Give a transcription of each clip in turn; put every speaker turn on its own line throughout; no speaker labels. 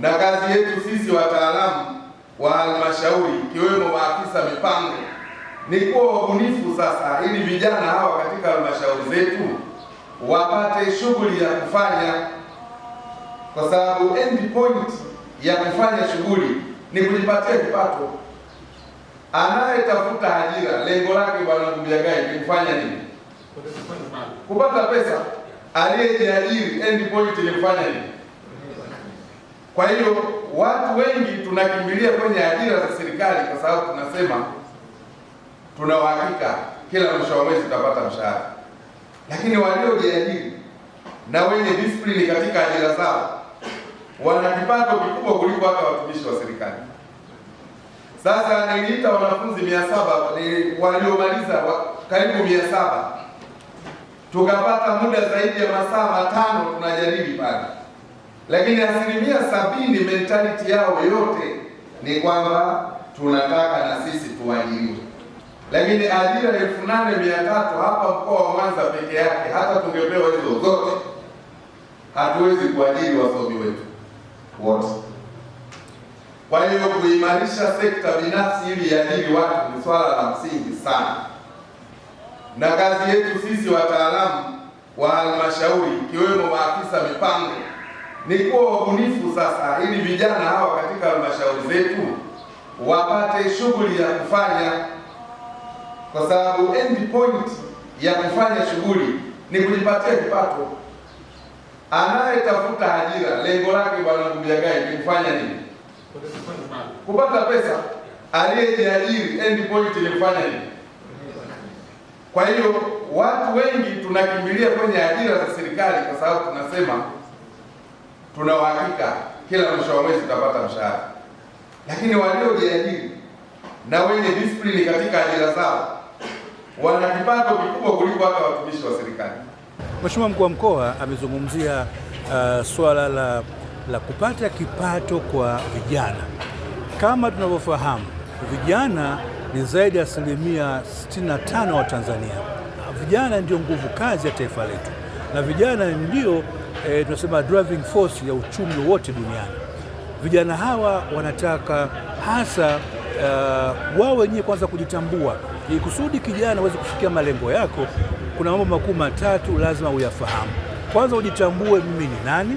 na kazi yetu sisi wataalamu wa halmashauri ikiwemo maafisa mipango ni kuwa wabunifu sasa, ili vijana hawa katika halmashauri zetu wapate shughuli ya kufanya, kwa sababu end point ya kufanya shughuli ni kujipatia kipato. Anayetafuta ajira lengo lake bwana Kubiagai ni kufanya nini?
Kupata pesa.
Aliyejiajiri end point ni kufanya nini? Kwa hiyo watu wengi tunakimbilia kwenye ajira za serikali kwa sababu tunasema tuna uhakika kila mwisho wa mwezi tutapata mshahara, lakini waliojiajiri na wenye disiplini katika ajira zao wana kipato kikubwa kuliko hata watumishi wa serikali. Sasa niliita wanafunzi mia saba waliomaliza karibu mia saba tukapata muda zaidi ya masaa matano tunajadili pale lakini asilimia sabini mentality yao yote ni kwamba tunataka na sisi tuajiriwe. Lakini ajira elfu nane mia tatu hapa mkoa wa Mwanza peke yake, hata tungepewa hizo zote hatuwezi kuajiri wasomi wetu wote. Kwa hiyo kuimarisha sekta binafsi ili iajiri watu ni swala la msingi sana, na kazi yetu sisi wataalamu wa halmashauri ikiwemo maafisa mipango ni kuwa wabunifu sasa, ili vijana hawa katika halmashauri zetu wapate shughuli ya kufanya, kwa sababu end point ya kufanya shughuli ni kujipatia kipato. Anayetafuta ajira lengo lake bwana Mbuyagai ni kufanya nini?
Kupata pesa.
Aliyejiajiri end point ni kufanya nini? Kwa hiyo watu wengi tunakimbilia kwenye ajira za serikali kwa sababu tunasema tuna uhakika kila mwisho wa mwezi tutapata mshahara. Lakini waliojiajiri na wenye disiplini katika ajira zao wana kipato kikubwa kuliko hata watumishi wa serikali.
Mheshimiwa mkuu wa mkoa amezungumzia uh, swala la, la kupata kipato kwa vijana. Kama tunavyofahamu, vijana ni zaidi ya asilimia 65 wa Tanzania. Vijana ndio nguvu kazi ya taifa letu na vijana ndio e, tunasema driving force ya uchumi wote duniani. Vijana hawa wanataka hasa uh, wao wenyewe kwanza kujitambua, ili kusudi kijana aweze kufikia malengo yako, kuna mambo makuu matatu lazima uyafahamu. Kwanza ujitambue, mimi ni nani.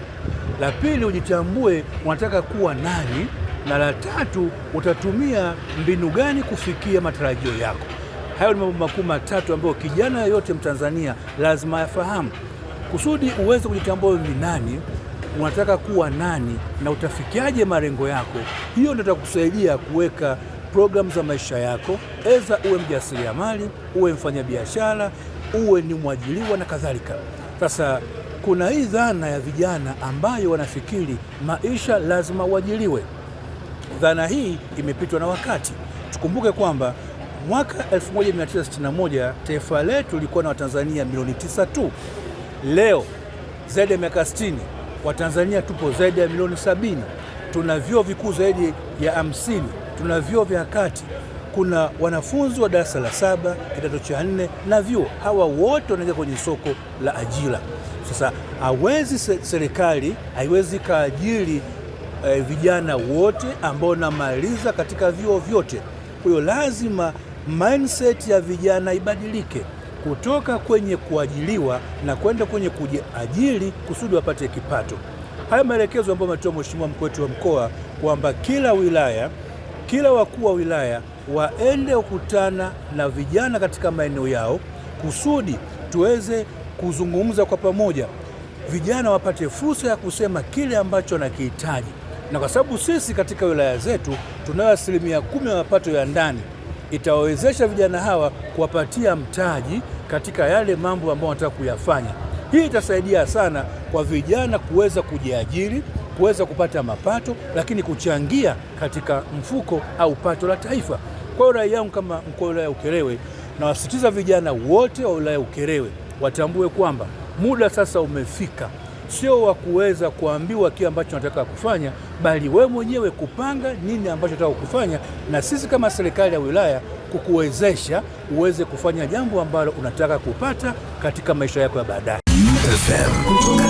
La pili ujitambue, unataka kuwa nani, na la tatu utatumia mbinu gani kufikia matarajio yako. Hayo ni mambo makuu matatu ambayo kijana yoyote Mtanzania lazima yafahamu. Kusudi uweze kujitambua ni nani, unataka kuwa nani na utafikiaje malengo yako, hiyo ndio itakusaidia kuweka programu za maisha yako, eza uwe mjasiriamali, uwe mfanyabiashara, uwe ni mwajiliwa na kadhalika. Sasa kuna hii dhana ya vijana ambayo wanafikiri maisha lazima uajiliwe. Dhana hii imepitwa na wakati. Tukumbuke kwamba mwaka 1961 taifa letu lilikuwa na Watanzania milioni 9 tu. Leo zaidi ya miaka 60 Watanzania tupo zaidi ya milioni sabini. Tuna vyuo vikuu zaidi ya hamsini, tuna vyuo vya kati, kuna wanafunzi wa darasa la saba, kidato cha nne na vyuo. Hawa wote wanaingia kwenye soko la ajira. Sasa hawezi serikali, haiwezi kaajiri eh, vijana wote ambao namaliza katika vyuo vyote. Kwa hiyo lazima mindset ya vijana ibadilike kutoka kwenye kuajiliwa na kwenda kwenye kujiajiri kusudi wapate kipato. Haya maelekezo ambayo ametoa mheshimiwa mkuu wetu wa mkoa kwamba kila wilaya, kila wakuu wa wilaya waende kukutana na vijana katika maeneo yao kusudi tuweze kuzungumza kwa pamoja, vijana wapate fursa ya kusema kile ambacho wanakihitaji, na kwa sababu sisi katika wilaya zetu tunayo asilimia kumi ya mapato ya ndani itawawezesha vijana hawa kuwapatia mtaji katika yale mambo ambayo wanataka kuyafanya. Hii itasaidia sana kwa vijana kuweza kujiajiri, kuweza kupata mapato, lakini kuchangia katika mfuko au pato la taifa. Kwa hiyo rai yangu kama mkuu wa wilaya Ukerewe, nawasisitiza vijana wote wa wilaya Ukerewe watambue kwamba muda sasa umefika sio wa kuweza kuambiwa kile ambacho nataka kufanya, bali wewe mwenyewe kupanga nini ambacho nataka kufanya, na sisi kama serikali ya wilaya kukuwezesha uweze kufanya jambo ambalo unataka kupata katika maisha yako ya baadaye.